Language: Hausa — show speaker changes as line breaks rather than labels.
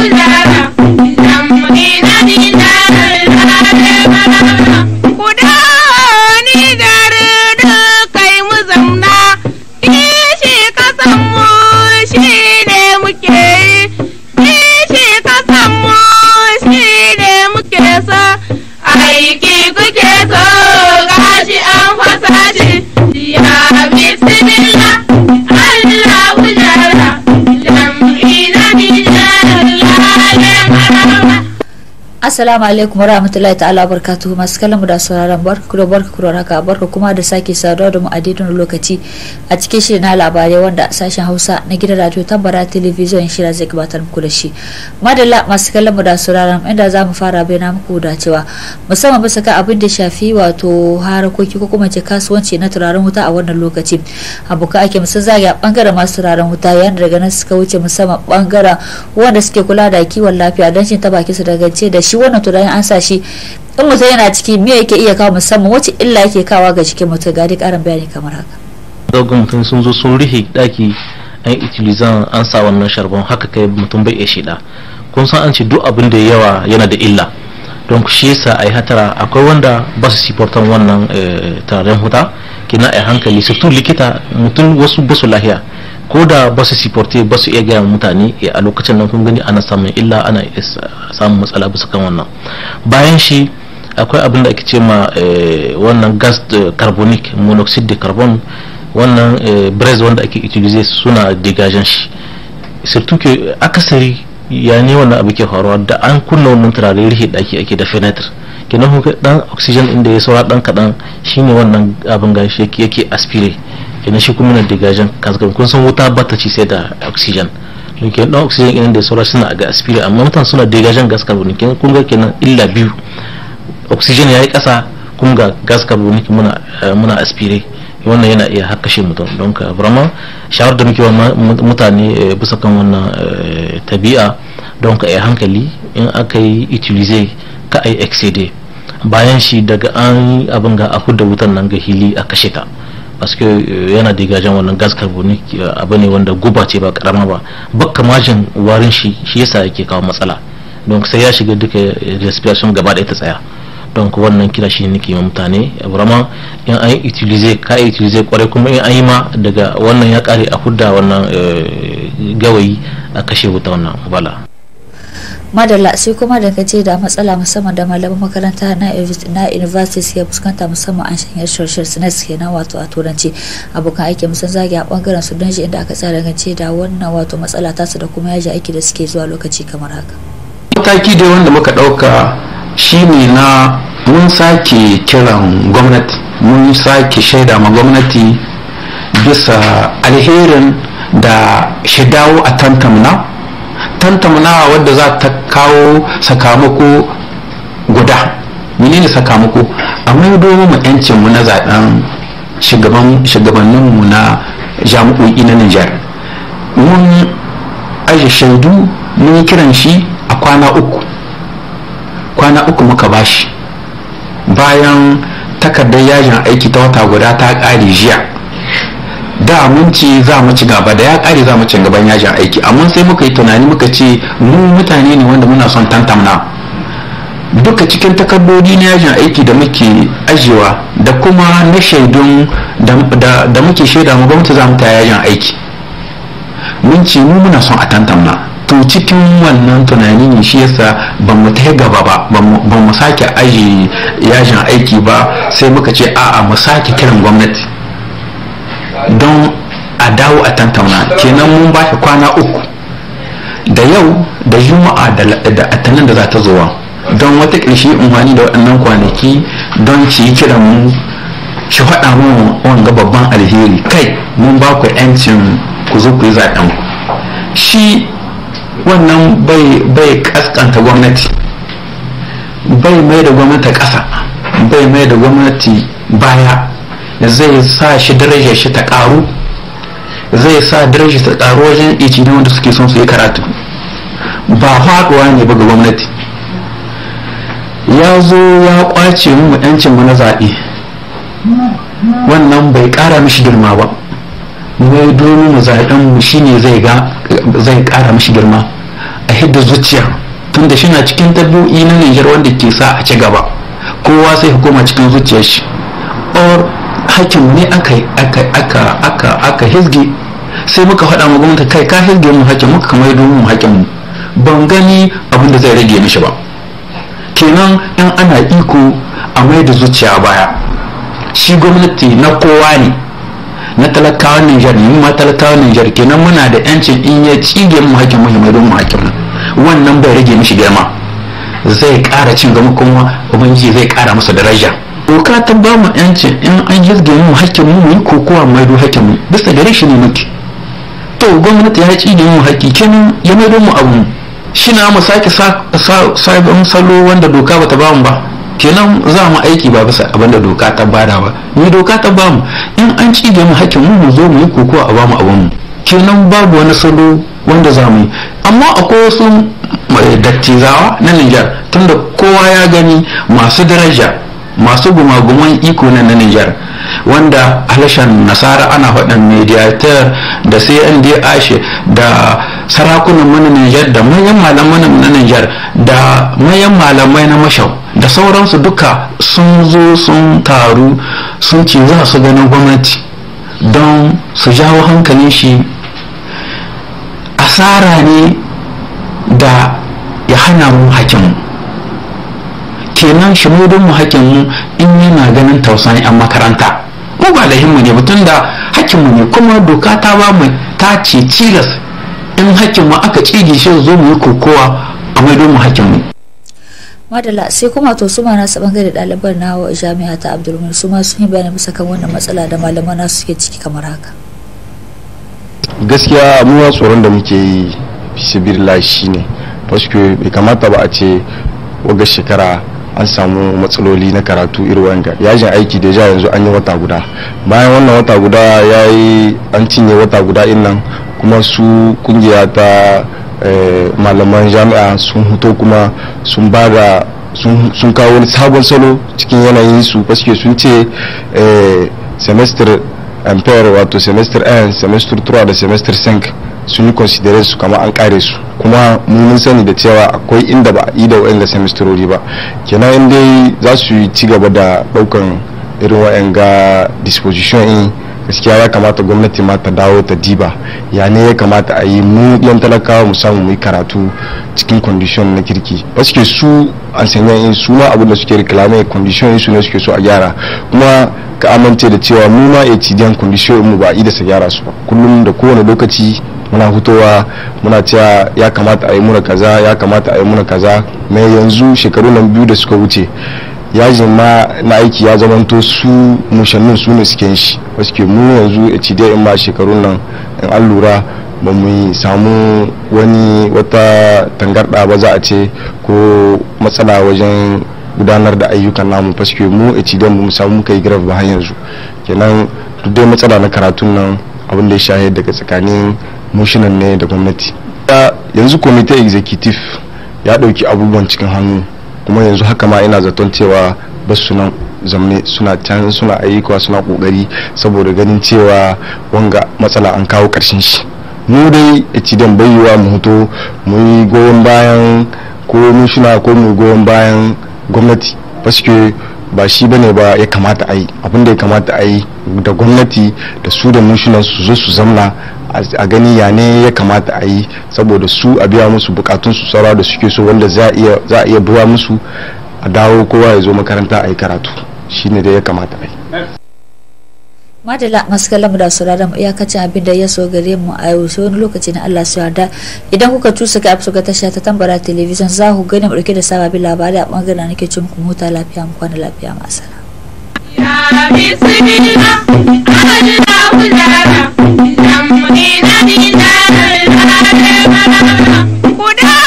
Madina Assalamu alaikum warahmatullahi ta'ala barkatuhu masu kallon da sauraron barka da barka kuro raka barka kuma da sake saduwa da mu a daidai lokaci a cikin shirin na labarai wanda sashen Hausa na gidan radio tambara television shira zai gabatar muku da shi. Madalla masu kallon da sauraron inda za mu fara bayyana muku da cewa musamman bisa kan abin da shafi wato harakoki ko kuma ce kasuwanci na turaren wuta a wannan lokaci. abuka ake musan a bangaren masu turaren wuta yayin daga nan suka wuce musamman bangaren wanda suke kula da kiwon lafiya don shi ta baki su daga ce da shi wannan tunanin an sa shi in mutum yana ciki me yake iya kawo musamman wace illa yake kawo ga jikin mutum ga karin bayani kamar haka
dogon sun sun zo sun rihe daki an itilizan an sa wannan sharbon haka kai mutum bai iya shida kun san an ce duk abin da yawa yana da illa don ku yasa a yi hatara akwai wanda ba su sifortan wannan eh, turaren huta kina a hankali su likita mutum wasu basu lahiya ko da ba su siporte ba su iya gaya mutane eh, a lokacin nan kun gani ana samun illa ana samun matsala bisa kan wannan bayan shi akwai abin da ake ce ma eh, wannan gas eh, carbonic monoxide de carbon wannan brez wanda ake utilize suna digajen shi surtout ke akasari ya ne wannan abu ke faruwa da an kunna wannan turare rihe daki ake da fenêtre kenan dan oxygen inda ya saura dan kadan shine wannan abin gashi yake aspire kenan shi kuma na digajen kaskan kun san wuta ba ta ci sai da oxygen nukin dan oxygen ɗin da sauran suna ga aspirin amma mutan suna digajen gas carbonic kenan kun ga kenan illa biyu oxygen yayi kasa kun ga gas carbonic muna eh, muna aspirate wannan yana iya shi mutum don ka vraiment shawar da muke wa mutane eh, bisa kan wannan eh, tabi'a don ka iya hankali in aka yi utilize ka ai excede bayan shi daga an abin ga a da wutan nan ga hili a kashe ta paske euh, yana digajen wannan gas carbonic euh, abu ne wanda guba ce ba karama ba bakka majin warin shi shi yasa yake kawo matsala don sai ya shiga duka euh, respiration gaba ɗaya ta tsaya don wannan kira shi nake mutane vraiment in an yi utilize ka yi utilize kwarai kuma in an yi ma daga wannan ya kare a hudda wannan gawayi a kashe wuta wannan bala
madalla sai kuma da kace da matsala musamman da malaman makaranta na na university ya fuskanta musamman an shanyar social sinas kenan wato a turanci abokan aiki musan zage a bangaren su don shi inda aka tsara gance da wannan wato matsala tasu da kuma yaji aiki da suke zuwa lokaci kamar haka
mataki da wanda muka dauka shine na mun sake kiran gwamnati mun sake shaida ma gwamnati bisa alherin da shi dawo a tantamna tantamnawa wadda za ta kawo sakamako guda menene sakamako a domin mu yancin mu na zaben shugabannin mu na jami'o'i na Nijar mun aje shaidu mun yi kiran shi a kwana uku kwana uku muka bashi bayan takardar yajin aiki ta wata guda ta ƙare jiya da mun ce za mu ci gaba da ya kare za mu ci gaban yajin aiki amma sai muka yi tunani muka ce mu mutane ne wanda muna son tantamna duka cikin takardodi na yajin aiki da muke ajiyewa da kuma na shaidun da muke shaida mu gwamnati za mu ta yajin aiki mun ce mu muna son a tantamna to cikin wannan tunani ne shi yasa ba mu ta gaba ba ba mu sake aji yajin aiki ba sai muka ce a'a mu sake kiran gwamnati don a dawo a tantauna kenan mun ba shi kwana uku da yau da juma'a da atanan da za ta zuwa don wata ƙarshe umarni da waɗannan kwanaki don ci kiran mu shi faɗa mu wanga babban alheri kai mun ba ku 'yancin ku zo ku yi zaɓen ku shi wannan bai kaskanta gwamnati bai mai da gwamnati ƙasa bai mai da gwamnati baya zai sa shi darajar shi ta karu zai sa darajar ta karu wajen ijini wanda suke son su yi karatu ba haɗuwa ne ba ga gwamnati ya zo ya kwace mu yancin mu na zaɓe wannan bai ƙara mishi girma ba mai domin mu zaɓen mu shine zai ga zai ƙara mishi girma a hidda zuciya tunda shi na cikin tabbi'o'i na Nijar wanda ke sa a ci gaba kowa sai hukuma cikin zuciyar shi or hakin ne aka aka aka hizgi sai muka faɗa ma gwamnati kai ka hizge mu hakim muka kamar mu hakim mu ban gani abin da zai rage mishi ba kenan in ana iko a mai da zuciya baya shi gwamnati na kowa ne na talakawan Nijar ne ma talakawan Nijar kenan muna da yancin in ya cige mu hakim mu mai don mu wannan bai rage mishi girma zai ƙara cin gama kuma ubangiji zai ƙara masa daraja doka ta ba mu yanci in an yirge mu hakkin mu yi kokowa maido hakkin mu bisa gare shi ne muke to gwamnati ya ci mu hakki, kenan ya maido mu abu shi na mu sake sabon salo wanda doka bata ba mu ba kenan za mu aiki ba bisa abinda doka ta bada ba ni doka ta ba mu in an ci mu hakkin mu mu zo mu yi kokowa a ba mu abin mu kenan babu wani salo wanda za mu yi amma akwai wasu eh, dattizawa na Nijar tunda kowa ya gani masu daraja masu gumaguman iko na na Nijar wanda alashan nasara ana faɗin mediator da CNDH da sarakunan mana Niger da manyan malaman na Niger da manyan malamai na mashau da sauransu duka sun zo sun taru sun ce za su ganin gwamnati don su jawo hankali shi asara ne da ya hana mu hakimu kenan shi mu hakkin mu in yana ganin tausayin yan makaranta mu ba lahin mu ne mutum da hakkin mu ne kuma doka ta ba mu ta ce tilas in hakkin mu aka cige shi zo mu yi kokowa a don mu hakkin mu
madala sai kuma to su ma nasu bangare ɗaliban na jami'a ta abdulmumin su ma sun yi bayani bisa kan wannan matsala da malaman nasu suke ciki kamar haka
gaskiya muwa tsoron da muke yi shi ne paske bai kamata ba a ce waga shekara an samu matsaloli na karatu irwanga wanga yajin aiki da ja yanzu an yi wata guda bayan wannan wata guda ya yi an cinye wata guda nan kuma su kungiya ta eh, malaman jami'a sun hito kuma sun ba da sun kawo wani sabon salo cikin yanayin su paske sun ce eh, semester empire wato semester 1 semester 3 da semester 5 sun yi su kama an kare su kuma mun sani da cewa akwai inda ba a yi da wa'anda semesterori ba kenan inda dai za su yi ci gaba da daukan irin wa'yan ga disposition in gaskiya ya kamata gwamnati ma ta dawo ta diba ya ne ya kamata a yi mu yan talakawa mu samu mu yi karatu cikin condition na kirki ba suke su in su ma abin da suke reclame condition su ne suke so a gyara kuma ka amince da cewa mu ma ya ci condition mu ba a yi da sa gyara su ba kullum da kowane lokaci muna hutowa muna cewa ya kamata a yi muna kaza ya kamata a yi muna kaza mai yanzu shekaru nan biyu da suka wuce yajin ma na aiki ya zamanto su mushannin su ne suke shi wasu ke mu yanzu a cide in ma shekaru nan in an lura ba mu samu wani wata tangarɗa ba za a ce ko matsala wajen gudanar da ayyukan namu faske mu a cidan mu samu muka yi ba har yanzu kenan duk dai matsala na karatun nan abin da ya shahe daga tsakanin mushinan ne da gwamnati yanzu komite executive ya ɗauki abubuwan cikin hannu kuma yanzu haka ma ina zaton cewa ba su nan zamne suna can suna ayyuka suna kokari saboda ganin cewa wanga matsala an kawo ƙarshen shi mu dai ecidan bayyuwa mu hoto mu yi goyon bayan ko mun ko mu goyon bayan gwamnati paske ba shi bane ba ya kamata a yi abin da ya kamata a yi da gwamnati da su da mushinan su zo su zamna a gani ya ne ya kamata a yi saboda su a biya musu bukatun su tsara da suke so wanda za a iya biya musu a dawo kowa ya zo makaranta a yi karatu shine da ya kamata a yi
madala masu kallon da sauraron mu iyakacin abin da ya so gare mu a yau sai wani lokaci na Allah sai da idan kuka tusa ka abu ga tasha ta tambara television za ku gani mu dauke da sababin labarai a bangaren nake cin ku huta lafiya mu kwana lafiya ma sala ya ina